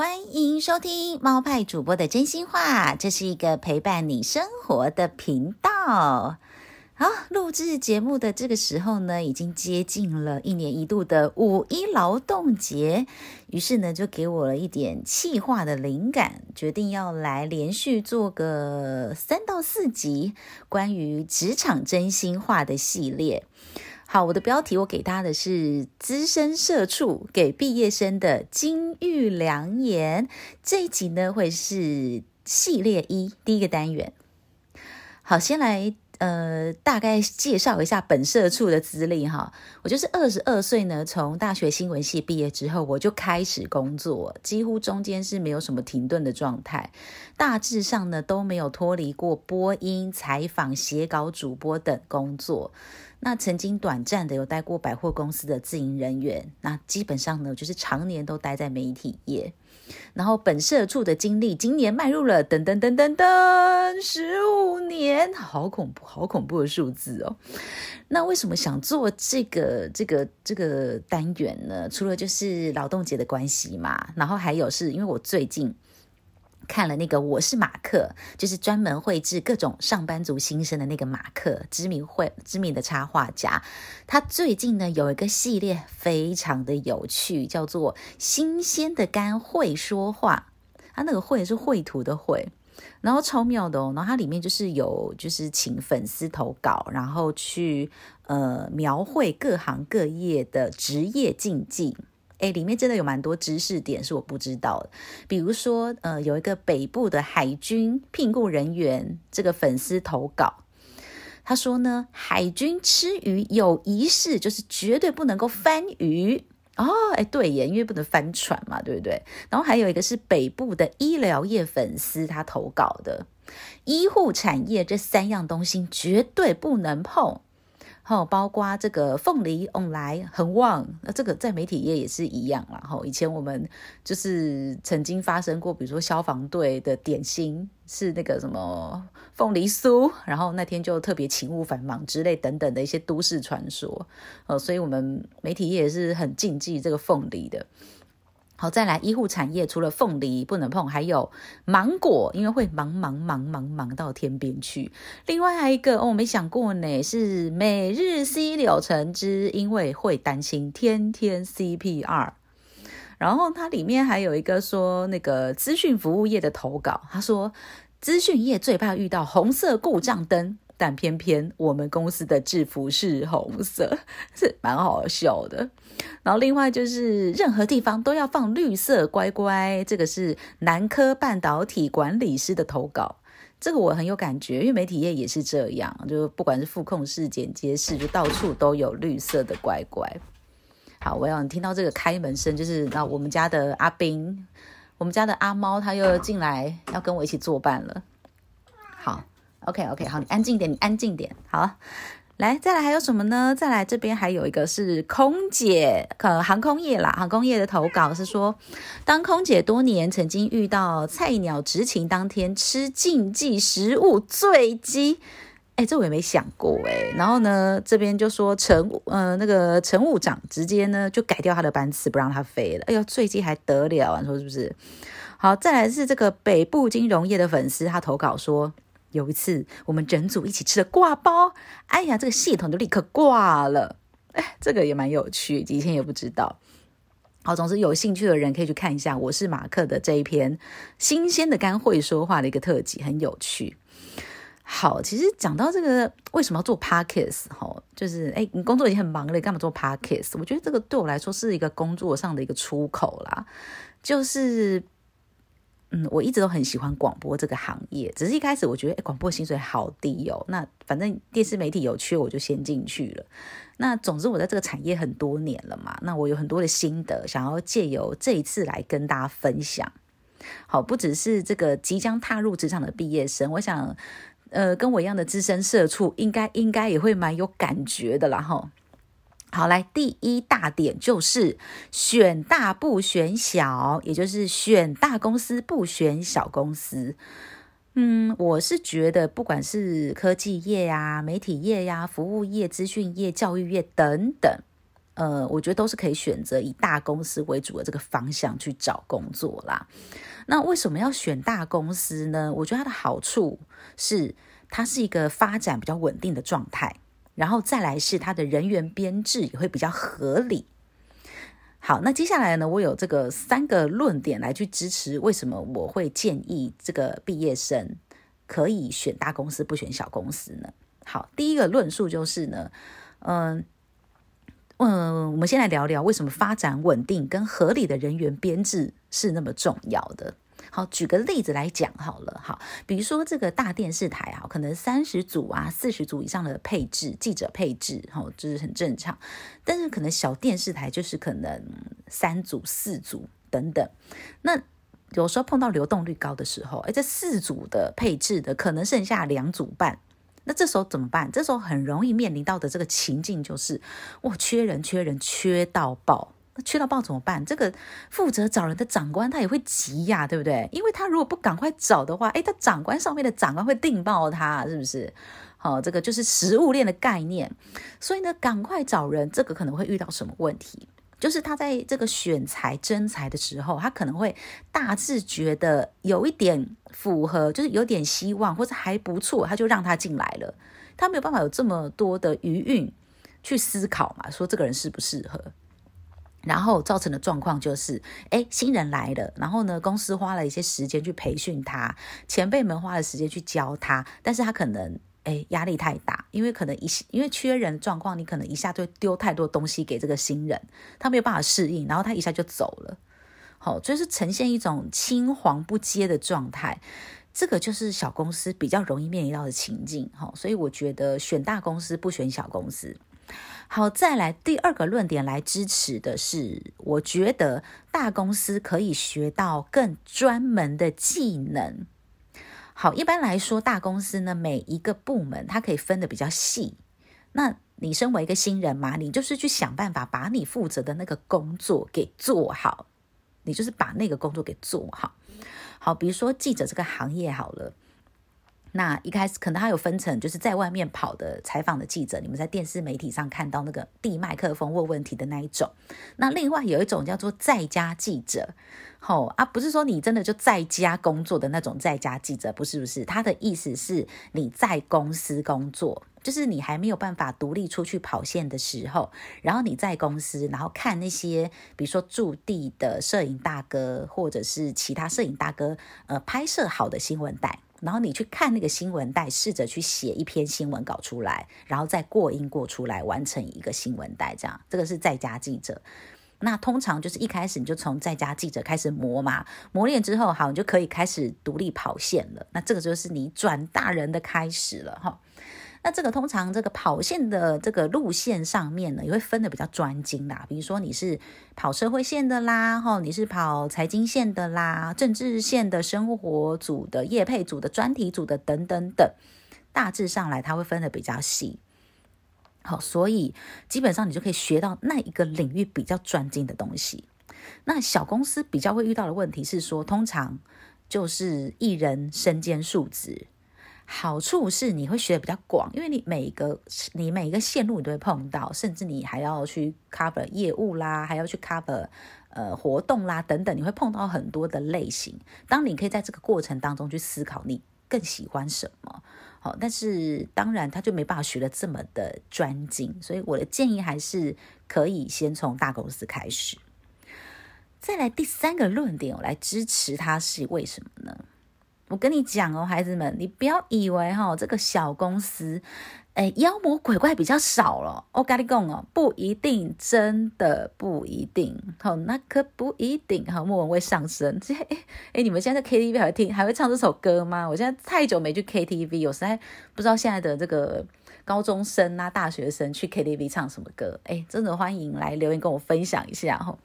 歡迎收聽貓派主播的真心話，這是一個陪伴你生活的頻道。好，錄制節目的這個時候呢，已經接近了一年一度的五一勞動節，於是呢，就給我了一點企劃的靈感，決定要來連續做個三到四集關於職場真心話的系列。好，我的標題我給他的是資深社畜給畢業生的金玉良言。這一集呢會是系列一第一個單元。好，先來呃大概介紹一下本社畜的資歷哈。我就是二十二歲呢，從大學新聞系畢業之後，我就開始工作，幾乎中間是沒有什麼停頓的狀態，大致上呢都沒有脫離過播音、採訪、寫稿、主播等工作。那曾經短暫的有待過百貨公司的自營人員，那基本上呢就是常年都待在媒體業，然後本社畜的經歷，今年邁入了噔噔噔噔噔十五年，好恐怖，好恐怖的數字哦。那為什麼想做這個這個這個單元呢？除了就是勞動節的關係嘛，然後還有是因為我最近。看了那個，我是馬克，就是專門繪製各種上班族心聲的那個馬克，知名會知名的插畫家。他最近呢有一個系列，非常的有趣，叫做《新鮮的肝會說話》。他那個“會”是繪圖的“繪”，然後超妙的哦。然後它裡面就是有，就是請粉絲投稿，然後去呃描繪各行各業的職業禁忌。哎，裡面真的有蠻多知識點是我不知道的，比如說，呃，有一個北部的海軍聘雇人員這個粉絲投稿，他說呢，海軍吃魚有儀式，就是絕對不能夠翻魚哦。哎，對耶，因為不能翻船嘛，對不對？然後還有一個是北部的醫療業粉絲他投稿的醫護產業，這三樣東西絕對不能碰。然後包括這個鳳梨，旺來很旺。那這個在媒體業也是一樣了。然後以前我們就是曾經發生過，比如說消防隊的點心是那個什麼鳳梨酥，然後那天就特別勤務繁忙之類等等的一些都市傳說。所以我們媒體業也是很禁忌這個鳳梨的。好，再來醫護產業，除了鳳梨不能碰，還有芒果，因為會忙忙忙忙忙到天邊去。另外還有一個哦，我沒想過呢，是每日 C 柳橙汁，因為會擔心天天 CPR。然後它裡面還有一個說那個資訊服務業的投稿，他說資訊業最怕遇到紅色故障燈。但偏偏我們公司的制服是紅色，是蠻好笑的。然後另外就是任何地方都要放綠色乖乖，這個是南科半導體管理師的投稿，這個我很有感覺，因為媒體業也是這樣，就不管是副控室、剪接室，就到處都有綠色的乖乖。好，我要你聽到這個開門聲，就是那我們家的阿兵，我們家的阿貓，它又進來要跟我一起作伴了。好。OK，OK，okay, okay, 好，你安靜點，你安靜點。好，來，再來，還有什麼呢？再來，這邊還有一個是空姐，呃，航空業啦，航空業的投稿是說，當空姐多年曾經遇到菜鳥執勤當天吃禁忌食物墜機，哎、欸，這我也沒想過哎、欸。然後呢，這邊就說乘務，呃，那個乘務長直接呢就改掉他的班次，不讓他飛了。哎呦，墜機還得了、啊，你說是不是？好，再來是這個北部金融業的粉絲，他投稿說，有一次，我們整組一起吃的掛包，哎呀，這個系統就立刻掛了，哎，這個也蠻有趣，以前也不知道。好，總之有興趣的人可以去看一下，我是馬克的這一篇《新鮮的肝會說話》的一個特輯，很有趣。好，其實講到這個，為什麼要做 podcast 哈、哦？就是哎，你工作已經很忙了，你幹嘛做 podcast？我覺得這個對我來說是一個工作上的一個出口啦，就是。嗯，我一直都很喜歡廣播這個行業，只是一開始我覺得哎，廣播薪水好低哦。那反正電視媒體有缺，我就先進去了。那總之我在這個產業很多年了嘛，那我有很多的心得，想要借由這一次來跟大家分享。好，不只是這個即將踏入職場的畢業生，我想，呃，跟我一樣的資深社畜，應該應該也會蠻有感覺的啦，哈。好，來，第一大點就是選大不選小，也就是選大公司不選小公司。嗯，我是覺得不管是科技業呀、啊、媒體業呀、啊、服務業、資訊業、教育業等等，呃，我覺得都是可以選擇以大公司為主的這個方向去找工作啦。那為什麼要選大公司呢？我覺得它的好處是，它是一個發展比較穩定的狀態。然後再來是它的人員編制也會比較合理。好，那接下來呢，我有這個三個論點來去支持為什麼我會建議這個畢業生可以選大公司不選小公司呢？好，第一個論述就是呢，嗯、呃、嗯、呃，我們先來聊聊為什麼發展穩定跟合理的人員編制是那麼重要的。好，舉個例子來講好了，好，比如說這個大電視台啊，可能三十組啊、四十組以上的配置，記者配置，哦，這是很正常。但是可能小電視台就是可能三組、四組等等。那有時候碰到流動率高的時候，哎，這四組的配置的可能剩下兩組半，那這時候怎麼辦？這時候很容易面臨到的這個情境就是，我缺人，缺人，缺到爆。缺到爆怎麼辦？這個負責找人的長官他也會急呀、啊，對不對？因為他如果不趕快找的話，哎，他長官上面的長官會釘爆他，是不是？好、哦，這個就是食物鏈的概念。所以呢，趕快找人，這個可能會遇到什麼問題？就是他在這個選才徵才的時候，他可能會大致覺得有一點符合，就是有點希望或者還不錯，他就讓他進來了。他沒有辦法有這麼多的餘裕去思考嘛，說這個人適不適合？然後造成的狀況就是，哎，新人來了，然後呢，公司花了一些時間去培訓他，前輩們花了時間去教他，但是他可能，哎，壓力太大，因為可能一，因為缺人狀況，你可能一下就丟太多東西給這個新人，他沒有辦法適應，然後他一下就走了，好、哦，就是呈現一種青黃不接的狀態，這個就是小公司比較容易面臨到的情境，好、哦，所以我覺得選大公司不選小公司。好，再來第二個論點來支持的是，我覺得大公司可以學到更專門的技能。好，一般來說，大公司呢，每一個部門它可以分得比較細。那你身為一個新人嘛，你就是去想辦法把你負責的那個工作給做好，你就是把那個工作給做好。好，比如說記者這個行業好了。那一開始可能還有分成，就是在外面跑的採訪的記者，你們在電視媒體上看到那個遞麥克風問問題的那一種。那另外有一種叫做在家記者，吼、哦、啊，不是說你真的就在家工作的那種在家記者，不是不是，他的意思是你在公司工作，就是你還沒有辦法獨立出去跑線的時候，然後你在公司，然後看那些比如說駐地的攝影大哥或者是其他攝影大哥，呃，拍攝好的新聞帶。然後你去看那個新聞帶，試着去寫一篇新聞稿出來，然後再過音過出來，完成一個新聞帶。這樣，這個是在家記者。那通常就是一開始你就從在家記者開始磨嘛，磨練之後，好，你就可以開始獨立跑線了。那這個就是你轉大人的開始了，那這個通常這個跑線的這個路線上面呢，也會分得比較專精啦。比如說你是跑社會線的啦，哦，你是跑財經線的啦，政治線的、生活組的、業配組的、專題組的等等等，大致上來它會分得比較細。好，哦，所以基本上你就可以學到那一個領域比較專精的東西。那小公司比較會遇到的問題是說，通常就是一人身兼數職。好處是你會學的比較廣，因為你每個你每一個線路你都會碰到，甚至你還要去 cover 業務啦，還要去 cover 呃活動啦等等，你會碰到很多的類型。當你可以在這個過程當中去思考，你更喜歡什麼？好、哦，但是當然他就沒辦法學的這麼的專精，所以我的建議還是可以先從大公司開始。再來第三個論點，我來支持他是為什麼呢？我跟你講哦，孩子們，你不要以為哈、哦、這個小公司，哎，妖魔鬼怪比較少了哦，咖喱公哦不一定，真的不一定好、哦、那可不一定哦。莫文蔚上身、哎哎，你們現在 KTV 還會聽還會唱這首歌嗎？我現在太久沒去 KTV，我實在不知道現在的這個高中生啊、大學生去 KTV 唱什麼歌。哎，真的歡迎來留言跟我分享一下哦。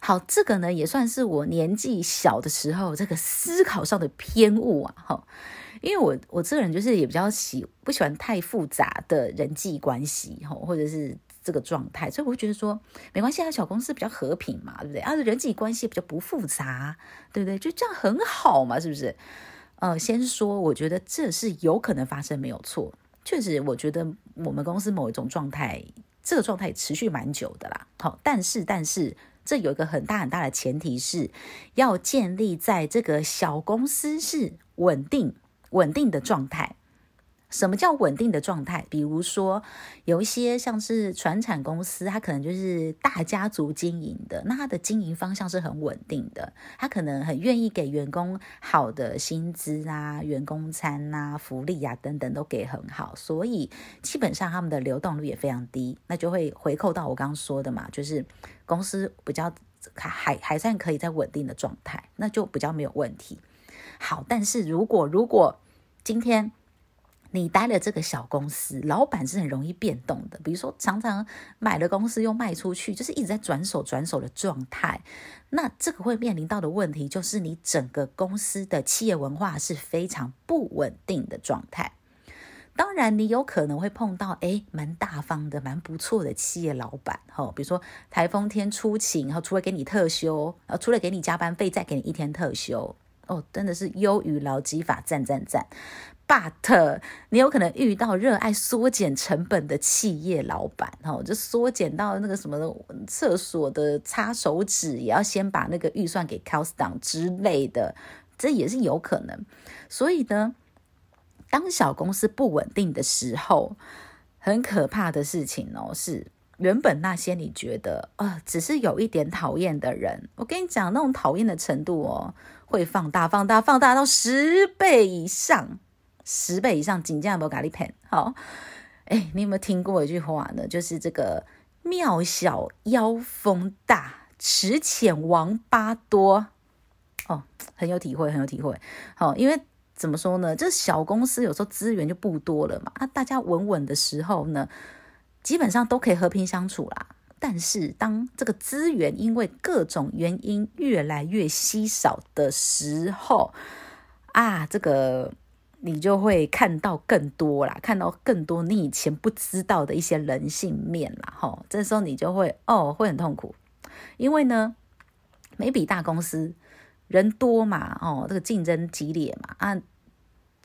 好，這個呢也算是我年紀小的時候這個思考上的偏誤啊，哈、哦，因為我我這個人就是也比較喜不喜歡太複雜的人際關係，哦、或者是這個狀態，所以我覺得說沒關係啊，小公司比較和平嘛，對不對？啊，人際關係比較不複雜，對不對？就這樣很好嘛，是不是？呃，先說，我覺得這是有可能發生，沒有錯，確實，我覺得我們公司某一種狀態，這個狀態持續蠻久的啦，好、哦，但是但是。這有一個很大很大的前提是，是要建立在這個小公司是穩定、穩定的狀態。什麼叫穩定的狀態？比如說，有一些像是傳產公司，它可能就是大家族經營的，那它的經營方向是很穩定的。它可能很願意給員工好的薪資啊、員工餐啊、福利啊等等都給很好，所以基本上他們的流動率也非常低，那就會回扣到我剛剛說的嘛，就是公司比較還還算可以在穩定的狀態，那就比較沒有問題。好，但是如果如果今天你待了這個小公司，老闆是很容易變動的。比如說，常常買了公司又賣出去，就是一直在轉手轉手的狀態。那這個會面臨到的問題，就是你整個公司的企業文化是非常不穩定的狀態。當然，你有可能會碰到，哎，蠻大方的，蠻不錯的企業老闆，哦，比如說台風天出勤，然後除了給你特休，除了給你加班費，再給你一天特休。哦，真的是優於勞基法，讚讚讚！讚 but 你有可能遇到熱愛縮減成本的企業老闆，哦，就縮減到那個什麼廁所的擦手紙也要先把那個預算給 cost down 之類的，這也是有可能。所以呢，當小公司不穩定的時候，很可怕的事情哦，是原本那些你覺得啊、哦、只是有一點討厭的人，我跟你講，那種討厭的程度哦，會放大、放大、放大到十倍以上。十倍以上真的。緊張有沒有咖喱片好。欸，你有沒有聽過一句話呢？就是這個廟小妖風大，池淺王八多。哦，很有體會，很有體會。哦、因為怎麼說呢？這小公司有時候資源就不多了嘛。那大家穩穩的時候呢，基本上都可以和平相處啦。但是當這個資源因為各種原因越來越稀少的時候啊，這個。你就會看到更多啦，看到更多你以前不知道的一些人性面啦，吼，這時候你就會，哦，會很痛苦，因為呢，沒比大公司人多嘛，哦，這個競爭激烈嘛，啊，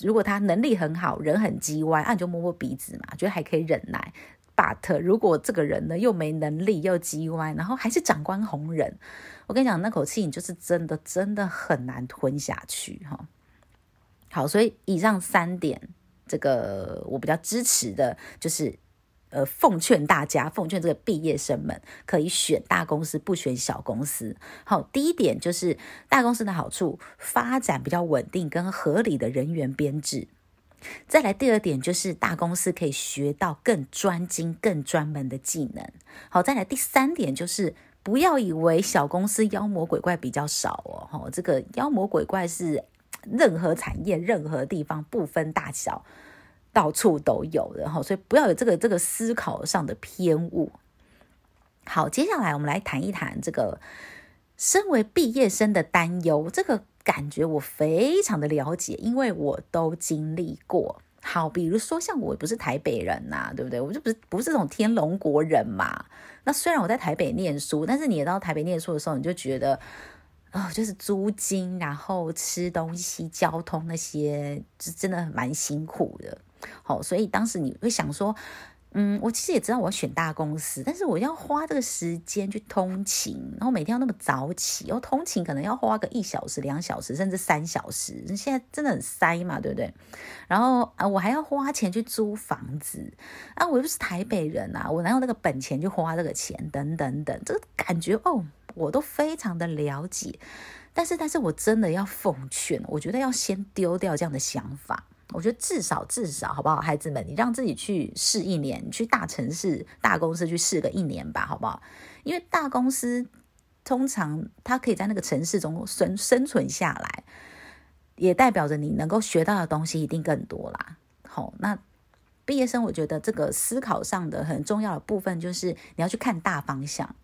如果他能力很好，人很嘰歪，啊，你就摸摸鼻子嘛，覺得還可以忍耐。But 如果這個人呢，又沒能力，又嘰歪，然後還是長官紅人，我跟你講，那口氣你就是真的真的很難吞下去，吼。好，所以以上三點，這個我比較支持的，就是呃，奉勸大家，奉勸這個畢業生們，可以選大公司，不選小公司。好、哦，第一點就是大公司的好處，發展比較穩定，跟合理的人員編制。再來第二點就是大公司可以學到更專精、更專門的技能。好、哦，再來第三點就是不要以為小公司妖魔鬼怪比較少哦，哦，這個妖魔鬼怪是。任何產業、任何地方，不分大小，到處都有的。然後，所以不要有這個這個思考上的偏誤。好，接下來我們來談一談這個身為畢業生的擔憂。這個感覺我非常的了解，因為我都經歷過。好，比如說像我不是台北人吶，啊，對不對？我就不是不是這種天龍國人嘛。那雖然我在台北念書，但是你到台北念書的時候，你就覺得。哦，就是租金，然後吃東西、交通那些，就真的蠻辛苦的、哦。所以當時你會想說，嗯，我其實也知道我要選大公司，但是我要花這個時間去通勤，然後每天要那麼早起，要、哦、通勤可能要花個一小時、兩小時，甚至三小時。現在真的很塞嘛，對不對？然後啊，我還要花錢去租房子啊，我又不是台北人吶、啊，我哪有那個本錢就花這個錢？等等等，這個感覺哦。我都非常的了解，但是，但是我真的要奉勸，我覺得要先丟掉這樣的想法。我覺得至少，至少，好不好？孩子們，你讓自己去試一年，去大城市、大公司去試個一年吧，好不好？因為大公司通常它可以在那個城市中生生存下來，也代表着你能夠學到的東西一定更多啦。好，那畢業生，我覺得這個思考上的很重要的部分就是你要去看大方向。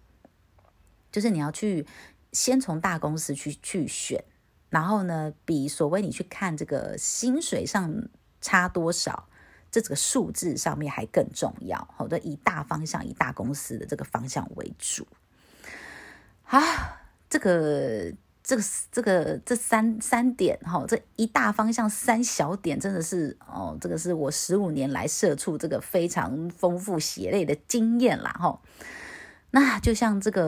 就是你要去先從大公司去去選，然後呢，比所謂你去看這個薪水上差多少，這幾個數字上面還更重要。好、哦、的，以大方向、以大公司的這個方向為主。啊，這個、這個、這個、這三三點，哈、哦，這一大方向、三小點，真的是哦，這個是我十五年來社畜這個非常豐富血淚的經驗啦，哈、哦。那就像這個，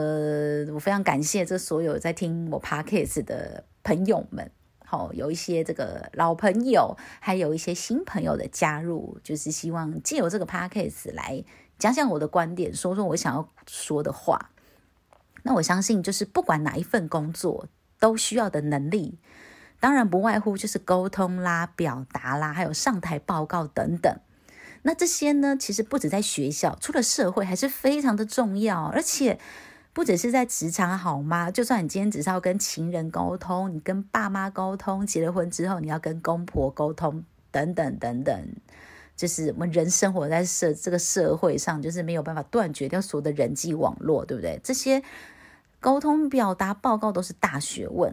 我非常感謝這所有在聽我 Podcast 的朋友們，好、哦，有一些這個老朋友，還有一些新朋友的加入，就是希望借由這個 Podcast 來講講我的觀點，說說我想要說的話。那我相信，就是不管哪一份工作都需要的能力，當然不外乎就是溝通啦、表達啦，還有上台報告等等。那這些呢，其實不止在學校，出了社會還是非常的重要，而且不只是在職場，好嗎？就算你今天只是要跟情人溝通，你跟爸媽溝通，結了婚之後你要跟公婆溝通，等等等等，就是我們人生活在社這個社會上，就是沒有辦法斷絕掉所有的人際網絡，對不對？這些溝通、表達、報告都是大學問。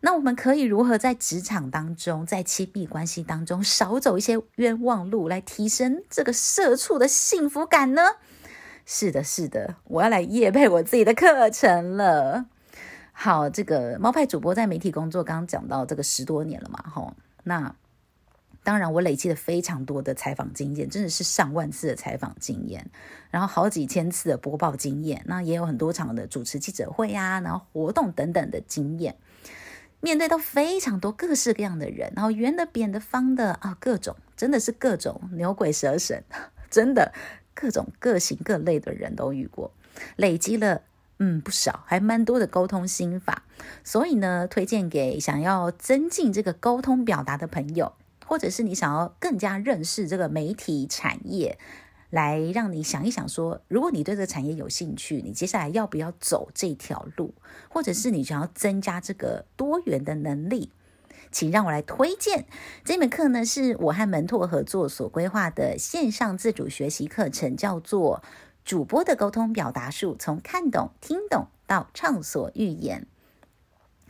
那我們可以如何在職場當中，在親密關係當中少走一些冤枉路，來提升這個社畜的幸福感呢？是的，是的，我要來業配我自己的課程了。好，這個貓派主播在媒體工作，剛剛講到這個十多年了嘛，吼，那當然我累積了非常多的採訪經驗，真的是上萬次的採訪經驗，然後好幾千次的播報經驗，那也有很多場的主持記者會呀、啊，然後活動等等的經驗。面對到非常多各式各樣的人，然後圓的、扁的、方的，哦，各種，真的是各種牛鬼蛇神，真的各種各型各類的人都遇過，累積了，嗯，不少，還蠻多的溝通心法，所以呢，推薦給想要增進這個溝通表達的朋友，或者是你想要更加認識這個媒體產業。來讓你想一想說，說如果你對這個產業有興趣，你接下來要不要走這條路，或者是你想要增加這個多元的能力，請讓我來推薦這門課呢？是我和門拓合作所規劃的線上自主學習課程，叫做《主播的溝通表達術》，從看懂、聽懂到暢所欲言。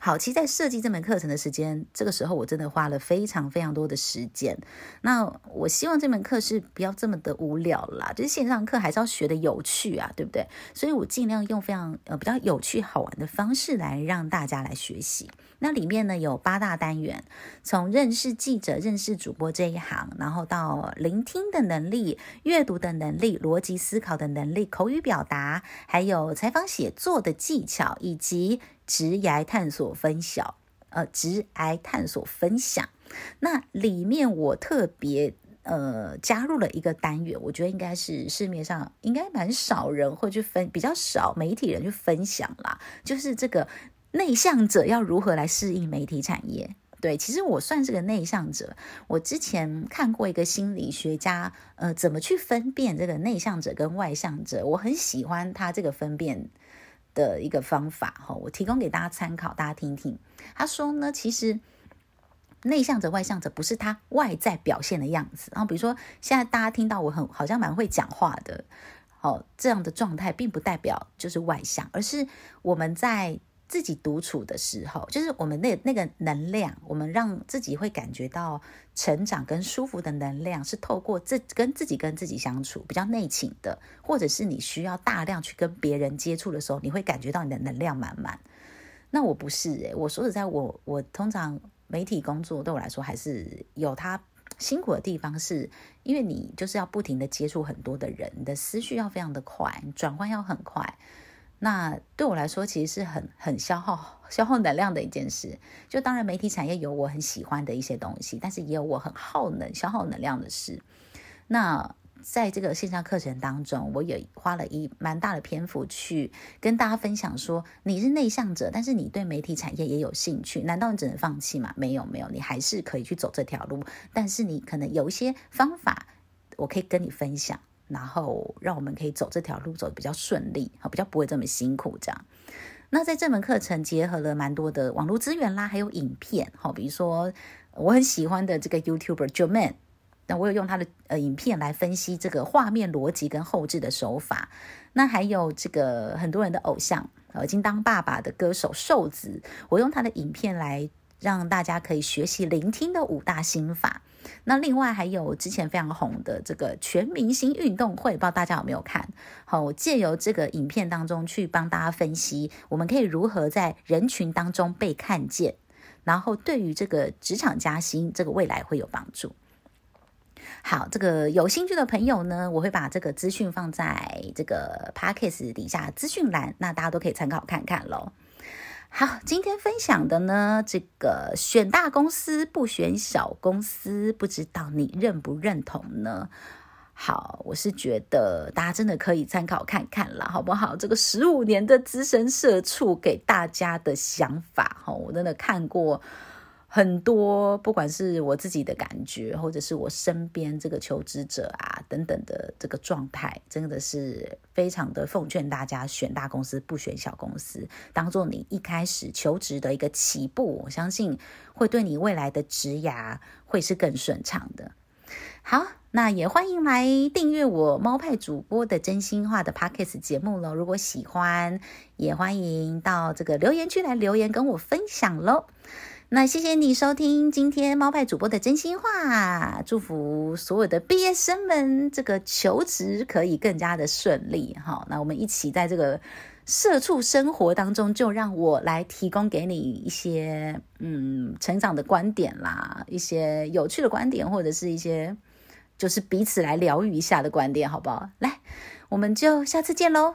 好，其實，在設計這門課程的時間，這個時候我真的花了非常非常多的時間。那我希望這門課是不要這麼的無聊啦，就是線上課還是要學的有趣啊，對不對？所以我盡量用非常呃比較有趣好玩的方式來讓大家來學習。那裡面呢，有八大單元，從認識記者、認識主播這一行，然後到聆聽的能力、閱讀的能力、邏輯思考的能力、口語表達，還有採訪寫作的技巧，以及。職涯探索分享，呃，職涯探索分享，那裡面我特別呃加入了一個單元，我覺得應該是市面上應該蠻少人會去分，比較少媒體人去分享啦。就是這個內向者要如何來適應媒體產業？對，其實我算是個內向者，我之前看過一個心理學家，呃，怎麼去分辨這個內向者跟外向者，我很喜歡他這個分辨。的一個方法哦，我提供給大家參考，大家聽聽。他說呢，其實內向者、外向者不是他外在表現的樣子。然後，比如說現在大家聽到我很好像蠻會講話的，哦，這樣的狀態，並不代表就是外向，而是我們在自己獨處的時候，就是我們那那個能量，我們讓自己會感覺到成長跟舒服的能量，是透過自跟自己跟自己相處比較內傾的，或者是你需要大量去跟別人接觸的時候，你會感覺到你的能量滿滿。那我不是誒、欸，我說實在，我我通常媒體工作對我來說還是有它辛苦的地方是，是因為你就是要不停的接觸很多的人，你的思緒要非常的快，你轉換要很快。那對我來說，其實是很很消耗消耗能量的一件事。就當然，媒體產業有我很喜歡的一些東西，但是也有我很耗能、消耗能量的事。那在這個線上課程當中，我也花了一蠻大的篇幅去跟大家分享說，說你是內向者，但是你對媒體產業也有興趣，難道你只能放棄嗎？沒有，沒有，你還是可以去走這條路，但是你可能有一些方法，我可以跟你分享。然後讓我們可以走這條路走得比較順利，好，比較不會這麼辛苦這樣。那在這門課程結合了蠻多的網絡資源啦，還有影片，好，比如說我很喜歡的這個 YouTuber Joeman 那我有用他的呃影片來分析這個畫面邏輯跟後製的手法。那還有這個很多人的偶像，已經當爸爸的歌手瘦子，我用他的影片來。讓大家可以學習聆聽的五大心法。那另外還有之前非常紅的這個全明星運動會，不知道大家有沒有看？好、哦，我借由這個影片當中去幫大家分析，我們可以如何在人群當中被看見。然後對於這個職場加薪，這個未來會有幫助。好，這個有興趣的朋友呢，我會把這個資訊放在這個 podcast 底下資訊欄，那大家都可以參考看看嘍。好，今天分享的呢，這個選大公司不選小公司，不知道你認不認同呢？好，我是覺得大家真的可以參考看看了，好不好？這個十五年的資深社畜給大家的想法，哈、哦，我真的看過。很多，不管是我自己的感覺，或者是我身邊這個求職者啊等等的這個狀態，真的是非常的奉勸大家，選大公司不選小公司，當做你一開始求職的一個起步，我相信會對你未來的職涯會是更順暢的。好，那也歡迎來訂閱我貓派主播的真心話的 Podcast 節目嘍。如果喜歡，也歡迎到這個留言區來留言跟我分享嘍。那謝謝你收聽今天貓派主播的真心話，祝福所有的畢業生們，這個求職可以更加的順利。好，那我們一起在這個社畜生活當中，就讓我來提供給你一些嗯，成長的觀點啦，一些有趣的觀點，或者是一些就是彼此來療癒一下的觀點，好不好？來，我們就下次見嘍。